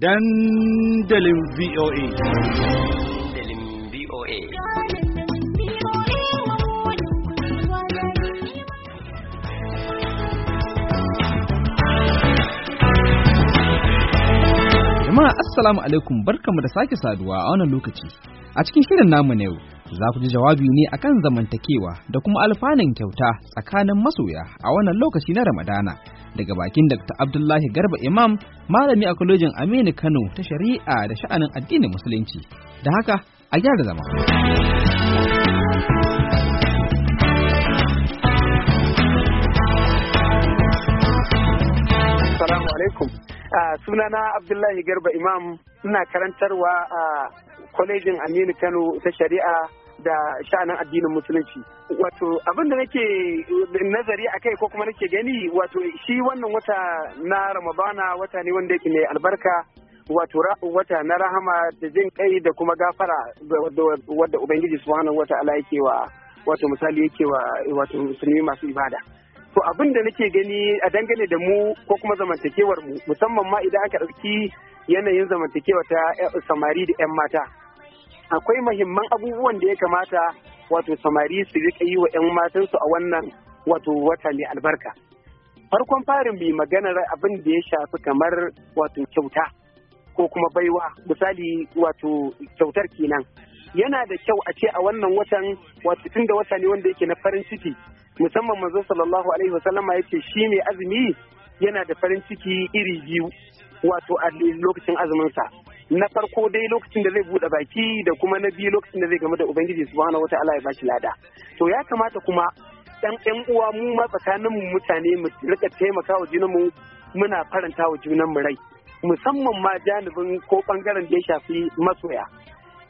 dandalin VOA. VOA. Jama'a Assalamu alaikum barkamu da sake saduwa a wannan lokaci. A cikin shirin namu na yau za ku ji jawabi ne akan zamantakewa da kuma alfanun kyauta tsakanin masoya a wannan lokaci na Ramadana. daga bakin Dr. Abdullahi Garba Imam malami a kwalejin Aminu Kano ta shari'a da sha'anin addinin musulunci. Da haka a gyara zama. Ah, sunana Abdullahi Garba Imam ina karantarwa a kwalejin Aminu Kano ta shari'a da sha'anin addinin musulunci wato abin da nake eh, nazari a kai ko kuma nake gani wato shi wannan wata na ramadana wata ne wanda yake mai albarka wato wata na rahama da jin kai da kuma gafara wadda ubangiji subhanahu ta'ala yake wa wato misali yake wa wato musulmi masu ibada to abin da nake gani a dangane da mu ko kuma zamantakewar mu musamman ma idan aka ɗauki yanayin zamantakewa ta eh, samari da 'yan mata akwai mahimman abubuwan da ya kamata wato samari su rika yi wa 'yan matansu a wannan wato wata mai albarka farkon farin bi maganar abin da ya shafi kamar wato kyauta ko kuma baiwa misali wato kyautar kenan yana da kyau a ce a wannan watan wato tun da wata ne wanda yake na farin ciki musamman manzo sallallahu alaihi wasallama ya ce shi mai azumi yana da farin ciki iri biyu wato a lokacin azuminsa na farko dai lokacin da zai bude baki da kuma na biyu lokacin da zai game da ubangiji subhanahu wataala ya bashi lada to ya kamata kuma ɗan ɗan uwa mu ma tsakanin mu mutane mu rika taimaka wa mu muna faranta wa junan mu rai musamman ma janibin ko bangaren da ya shafi masoya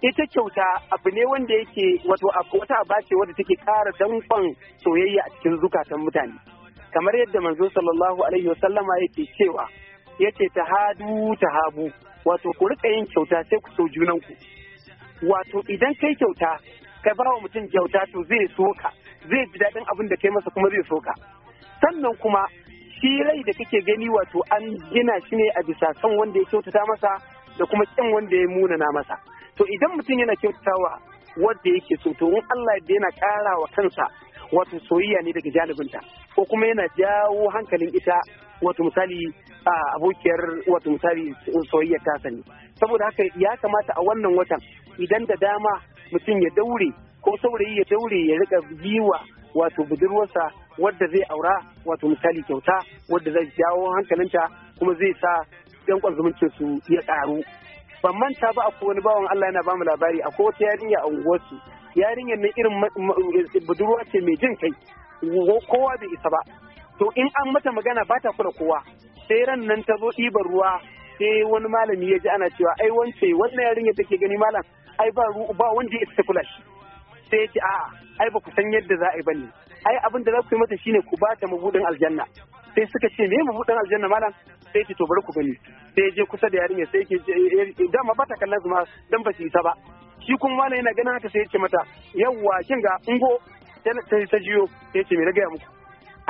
ita kyauta abu ne wanda yake wato wata aba ce wadda take kara danƙon soyayya a cikin zukatan mutane kamar yadda manzo sallallahu alaihi wasallama yake cewa yace tahadu tahabu wato ku rika yin kyauta sai ku so junan ku wato idan kai kyauta kai ba wa mutum kyauta to zai so ka zai ji daɗin abin da kai masa kuma zai so ka sannan kuma shi rai da kake gani wato an gina shi ne a bisa son wanda ya kyautata masa da kuma kin wanda ya munana masa to idan mutum yana kyautatawa wanda yake so to in Allah ya yana ƙara wa kansa wato soyayya ne daga janibinta ko kuma yana jawo hankalin ita wato misali A abokiyar wato misali soyayya ta sani saboda haka ya kamata a wannan watan idan da dama mutum ya daure ko saurayi ya daure ya rika biwa wato budurwarsa wadda zai aura wato misali kyauta wadda zai jawo hankalinta kuma zai sa yankon zumuncin su ya karu ban manta ba a wani bawan Allah yana bamu labari akwai wata yarinya a unguwarsu yarinyar na irin budurwa ce mai jin kai kowa bai isa ba to in an mata magana ba ta kula kowa sai ran nan ta zo ɗiban ruwa sai wani malami ya ji ana cewa ai wance wannan yarinya take gani malam ai ba ba wanda ya ta kula sai ya ce a'a ai ba ku san yadda za a yi bane ai abin da za ku yi mata shine ku ba ta mabudin aljanna sai suka ce me mabudin aljanna malam sai ce to bari ku gani sai je kusa da yarinya sai ke dama ba ta kallon su ma dan ba su isa ba shi kuma malam yana ganin haka sai ya ce mata yawwa kin ga ungo ta jiyo sai ce me na gaya muku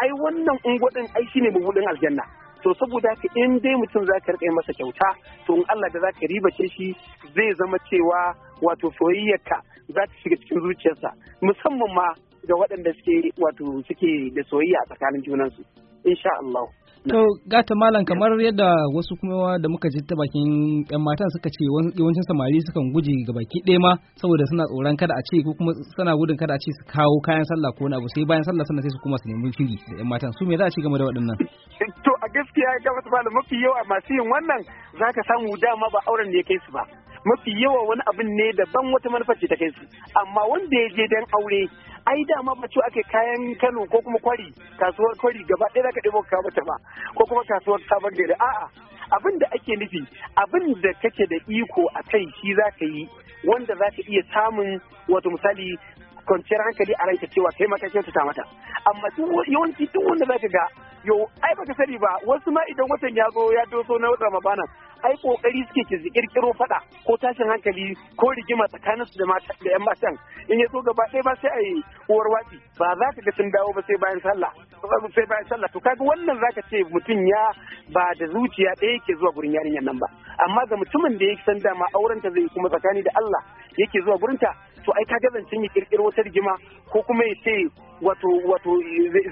ai wannan ungo din ai shine mabudin aljanna to saboda ka in dai mutum za ka masa kyauta to in Allah da za ka ribace shi zai zama cewa wato soyayyarka za ta shiga cikin zuciyarsa musamman ma ga waɗanda suke wato suke da soyayya a tsakanin junansu insha Allah To gata malam kamar yadda wasu kuma da muka ji ta bakin yan matan suka ce yawancin samari sukan guje ga baki ɗaya ma saboda suna tsoron kada a ce ko kuma suna gudun kada a ce su kawo kayan sallah ko na abu sai bayan sallah sannan sai su kuma su nemi fili da yan matan su me za a ci game da waɗannan. gaskiya ga wasu malam mafi yawa masu yin wannan za ka samu dama ba auren ne kai su ba mafi yawa wani abin ne daban wata manufa ce ta kai su amma wanda ya je dan aure ai dama ba cewa ake kayan Kano ko kuma kwari kasuwar kwari gaba ɗaya za ka ɗebo ka ta ba ko kuma kasuwar sabon gari a'a abin da ake nufi abin da kake da iko a kai shi za ka yi wanda za ka iya samun wato misali kwanciyar hankali a ranka cewa kai ma ka ta mata amma yawanci duk wanda za ka ga yo ai baka sani ba wasu ma idan watan ya zo ya doso na ramadana ai kokari suke ki kirkiro fada ko tashin hankali ko rigima tsakanin su da mata da yan matan in ya so gaba ɗaya ba sai ayi uwar watsi ba za ka ga sun dawo ba sai bayan sallah sai bayan sallah to kaga wannan za ka ce mutum ya ba da zuciya ɗaya yake zuwa gurin yarinyar nan ba amma ga mutumin da ya san dama aurenta zai kuma tsakani da Allah yake zuwa gurin ta. to ai kaga sun ya kirkiro wata rigima ko kuma ya ce wato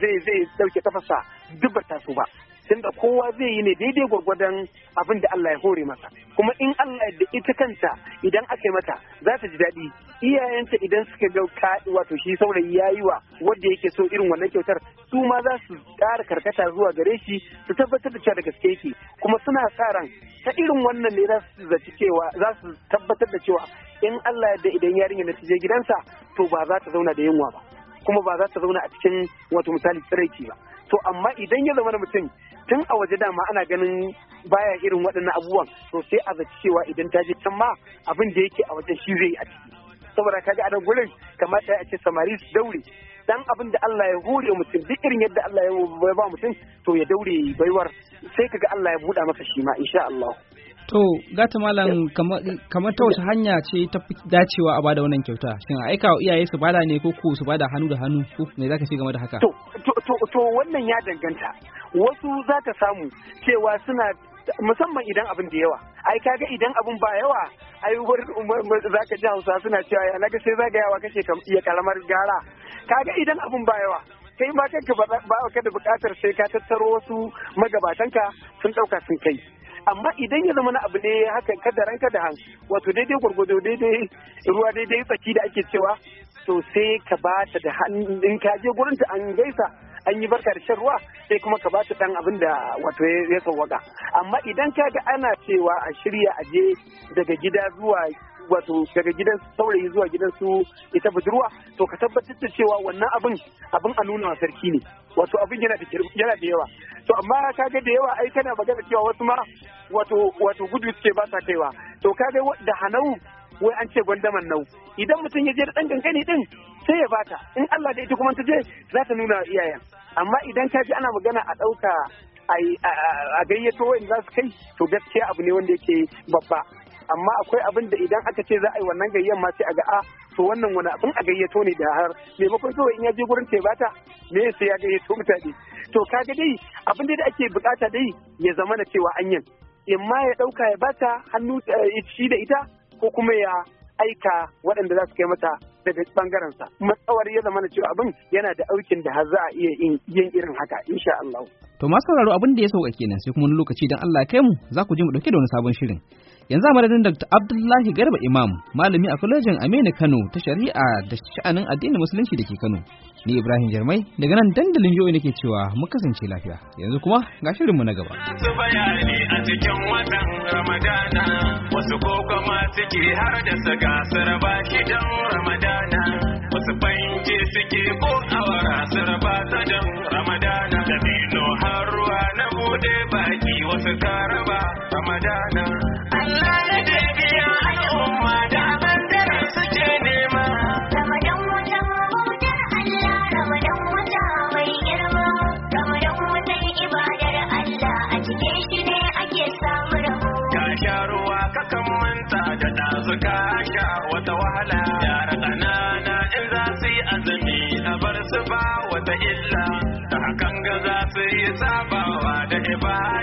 zai zai dauke tafasa duk ba ba tunda kowa zai yi ne daidai gwargwadon abin da Allah ya hore masa kuma in Allah da ita kanta idan aka yi mata za ta ji daɗi iyayenta idan suka ga ka wato shi saurayi ya yi wa wanda yake so irin wannan kyautar su ma za su ƙara karkata zuwa gare shi su tabbatar da cewa da gaske yake kuma suna sa ran ta irin wannan ne za su zaci cewa za su tabbatar da cewa in Allah da idan yarinya na je gidansa to ba za ta zauna da yunwa ba kuma ba za ta zauna a cikin wato misali tsiraiki ba to amma idan ya zama mutum tun a waje dama ana ganin baya irin waɗannan abubuwan to sai a zaci cewa idan ta je can ma abin da yake a wajen shi zai a ciki saboda kaji a nan gurin kamata a ce samari su daure dan abin da Allah ya hure mutum duk irin yadda Allah ya ba mutum to ya daure baiwar sai kaga Allah ya buɗa masa shi ma insha Allah To, gata malam kamar ta wasu hanya ce ta fi dacewa a bada wannan kyauta? Shin aika wa iyaye su bada ne ko su bada hannu da hannu ko me zaka ce game da haka? To, wannan ya danganta. Wasu za ka samu cewa suna musamman idan abin da yawa. Ai kaga idan abin ba yawa ai za ka ji hausa suna cewa ya naga sai zagayawa kashe iya karamar gara. Kaga idan abin ba yawa kai ma kanka ba ka da bukatar sai ka tattaro wasu magabatanka sun dauka sun kai. amma idan ya zama na abu ne haka kada ran kada han wato daidai gwargwado daidai ruwa daidai tsaki da ake cewa to sai ka ba ta da hannun ka je gurin ta an gaisa an yi barka da shan ruwa sai kuma ka ba ta dan abin da wato ya sawwaka amma idan ka ga ana cewa a shirya a je daga gida zuwa wato daga gidan saurayi zuwa gidan su ita budurwa to ka tabbatar da cewa wannan abin abin a nuna sarki ne wato abin yana da da yawa to amma kaga da yawa ai kana magana cewa wasu ma wato gudu suke ba sa kaiwa to kaga da hanau wai an ce gwandaman nau idan mutum ya je da dan gangani din sai ya bata in Allah da ita kuma ta je za ta nuna iyayen amma idan ka ji ana magana a ɗauka a gayyato wa'in za su kai to gaskiya abu ne wanda yake babba amma akwai abin da idan aka ce za a yi wannan gayyan ma sai a ga a ah, to wannan wani abin a gayyato ne da har maimakon kawai in ya je gurin bata? me yasa ya gayyato mutane to ka ga dai abin da ake bukata dai ya zama na cewa anyan in ma ya dauka ya bata hannu eh, shi da ita ko kuma ya aika waɗanda za su kai mata daga bangaren sa matsawar ya zama na cewa abin yana da aukin da har za a iya yin irin haka insha Allah to masu sauraro abin da ya sauka kenan sai kuma wani lokaci dan Allah kai mu za ku ji mu dauke da wani sabon shirin yanzu a madadin dr abdullahi garba imam malami a kwalejin aminu kano ta shari'a da sha'anin addinin musulunci da ke kano ni ibrahim jarmai daga nan dandalin yau nake cewa mu kasance lafiya yanzu kuma ga mu na gaba wasu ko kuma suke har da sagasar baki don ramadana wasu banki suke ko awara sarba ta don ramadana da har ruwa na bude baki wasu karaba ramadana su kasha wata wahala yara ƙanana in za su yi azumi a bar su ba wata illa ta hakan ga za su yi sabawa da ibada